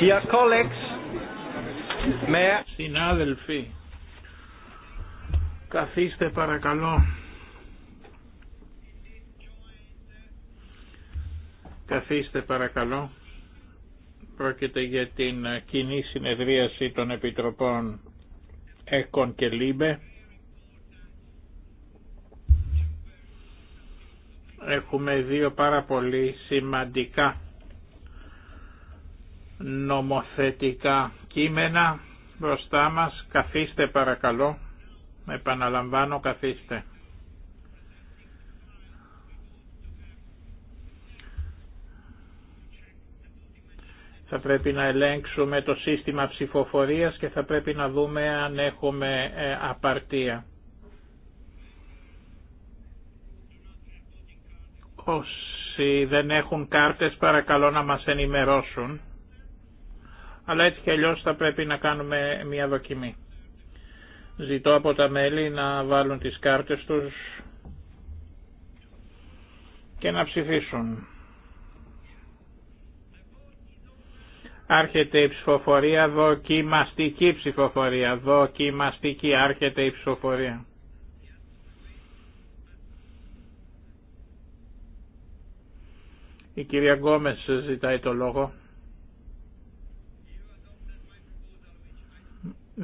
Dear colleagues, Συνάδελφοι, καθίστε παρακαλώ. Καθίστε παρακαλώ. Πρόκειται για την κοινή συνεδρίαση των Επιτροπών ΕΚΟΝ και ΛΥΜΠΕ Έχουμε δύο πάρα πολύ σημαντικά νομοθετικά κείμενα μπροστά μας. Καθίστε παρακαλώ. Επαναλαμβάνω καθίστε. Θα πρέπει να ελέγξουμε το σύστημα ψηφοφορίας και θα πρέπει να δούμε αν έχουμε ε, απαρτία. Όσοι δεν έχουν κάρτες παρακαλώ να μας ενημερώσουν αλλά έτσι και αλλιώς θα πρέπει να κάνουμε μια δοκιμή. Ζητώ από τα μέλη να βάλουν τις κάρτες τους και να ψηφίσουν. Άρχεται η ψηφοφορία, δοκιμαστική ψηφοφορία, δοκιμαστική, άρχεται η ψηφοφορία. Η κυρία Γκόμες ζητάει το λόγο.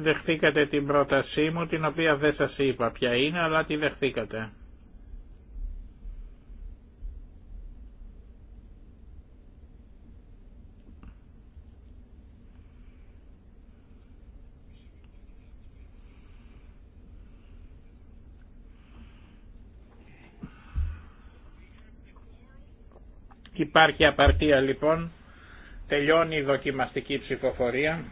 δεχτήκατε την πρότασή μου, την οποία δεν σας είπα ποια είναι, αλλά τη δεχτήκατε. Υπάρχει απαρτία λοιπόν, τελειώνει η δοκιμαστική ψηφοφορία.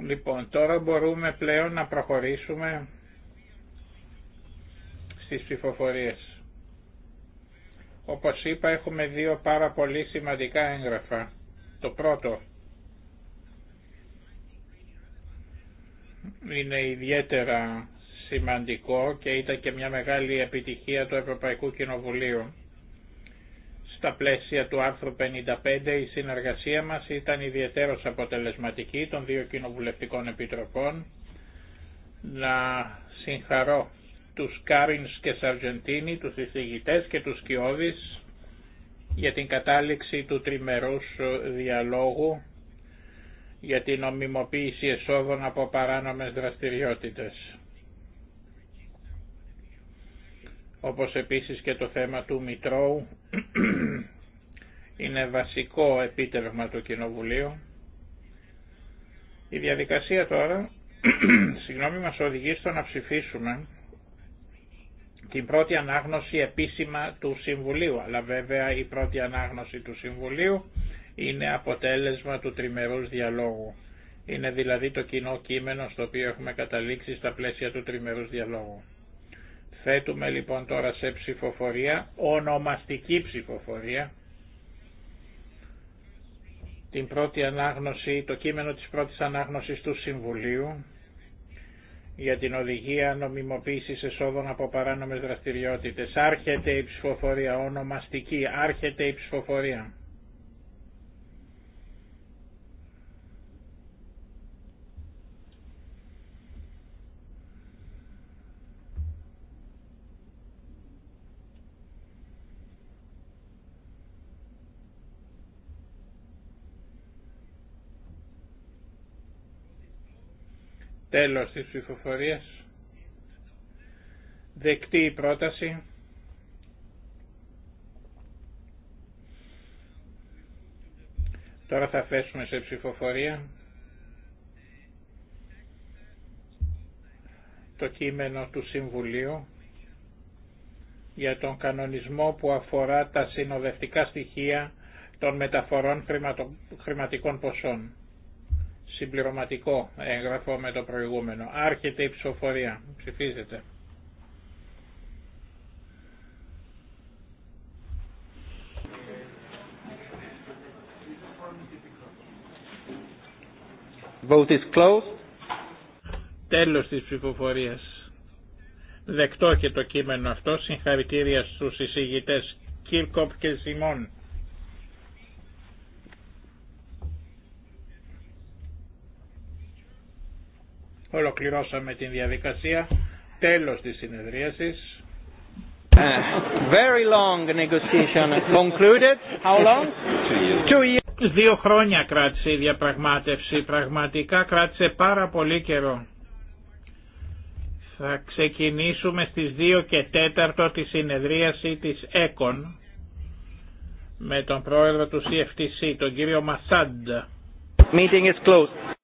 Λοιπόν, τώρα μπορούμε πλέον να προχωρήσουμε στις ψηφοφορίες. Όπως είπα έχουμε δύο πάρα πολύ σημαντικά έγγραφα. Το πρώτο είναι ιδιαίτερα σημαντικό και ήταν και μια μεγάλη επιτυχία του Ευρωπαϊκού Κοινοβουλίου στα πλαίσια του άρθρου 55 η συνεργασία μας ήταν ιδιαίτερος αποτελεσματική των δύο κοινοβουλευτικών επιτροπών. Να συγχαρώ τους Κάρινς και Σαρτζεντίνη, τους εισηγητές και τους Κιώδης για την κατάληξη του τριμερούς ε, διαλόγου για την ομιμοποίηση εσόδων από παράνομες δραστηριότητες. Όπως επίσης και το θέμα του Μητρώου είναι βασικό επίτευγμα του Κοινοβουλίου. Η διαδικασία τώρα, συγγνώμη, μας οδηγεί στο να ψηφίσουμε την πρώτη ανάγνωση επίσημα του Συμβουλίου. Αλλά βέβαια η πρώτη ανάγνωση του Συμβουλίου είναι αποτέλεσμα του τριμερούς διαλόγου. Είναι δηλαδή το κοινό κείμενο στο οποίο έχουμε καταλήξει στα πλαίσια του τριμερούς διαλόγου. Θέτουμε λοιπόν τώρα σε ψηφοφορία, ονομαστική ψηφοφορία, την πρώτη ανάγνωση, το κείμενο της πρώτης ανάγνωσης του Συμβουλίου για την οδηγία νομιμοποίησης εσόδων από παράνομες δραστηριότητες. Άρχεται η ψηφοφορία, ονομαστική, άρχεται η ψηφοφορία. Τέλος της ψηφοφορίας. Δεκτή η πρόταση. Τώρα θα φέσουμε σε ψηφοφορία το κείμενο του Συμβουλίου για τον κανονισμό που αφορά τα συνοδευτικά στοιχεία των μεταφορών χρηματικών ποσών συμπληρωματικό έγγραφο με το προηγούμενο. Άρχεται η ψηφοφορία. Ψηφίζεται. Vote is closed. Τέλος της ψηφοφορίας. Δεκτό και το κείμενο αυτό. Συγχαρητήρια στους εισηγητές Κίρκοπ και Σιμών. Ολοκληρώσαμε την διαδικασία. Τέλος της συνεδρίασης. Ε, very long negotiation concluded. How long? Two years. Δύο χρόνια κράτησε η διαπραγμάτευση. Πραγματικά κράτησε πάρα πολύ καιρό. Θα ξεκινήσουμε στις 2 και 4 τη συνεδρίαση της ΕΚΟΝ με τον πρόεδρο του CFTC, τον κύριο Μασάντ. Meeting is closed.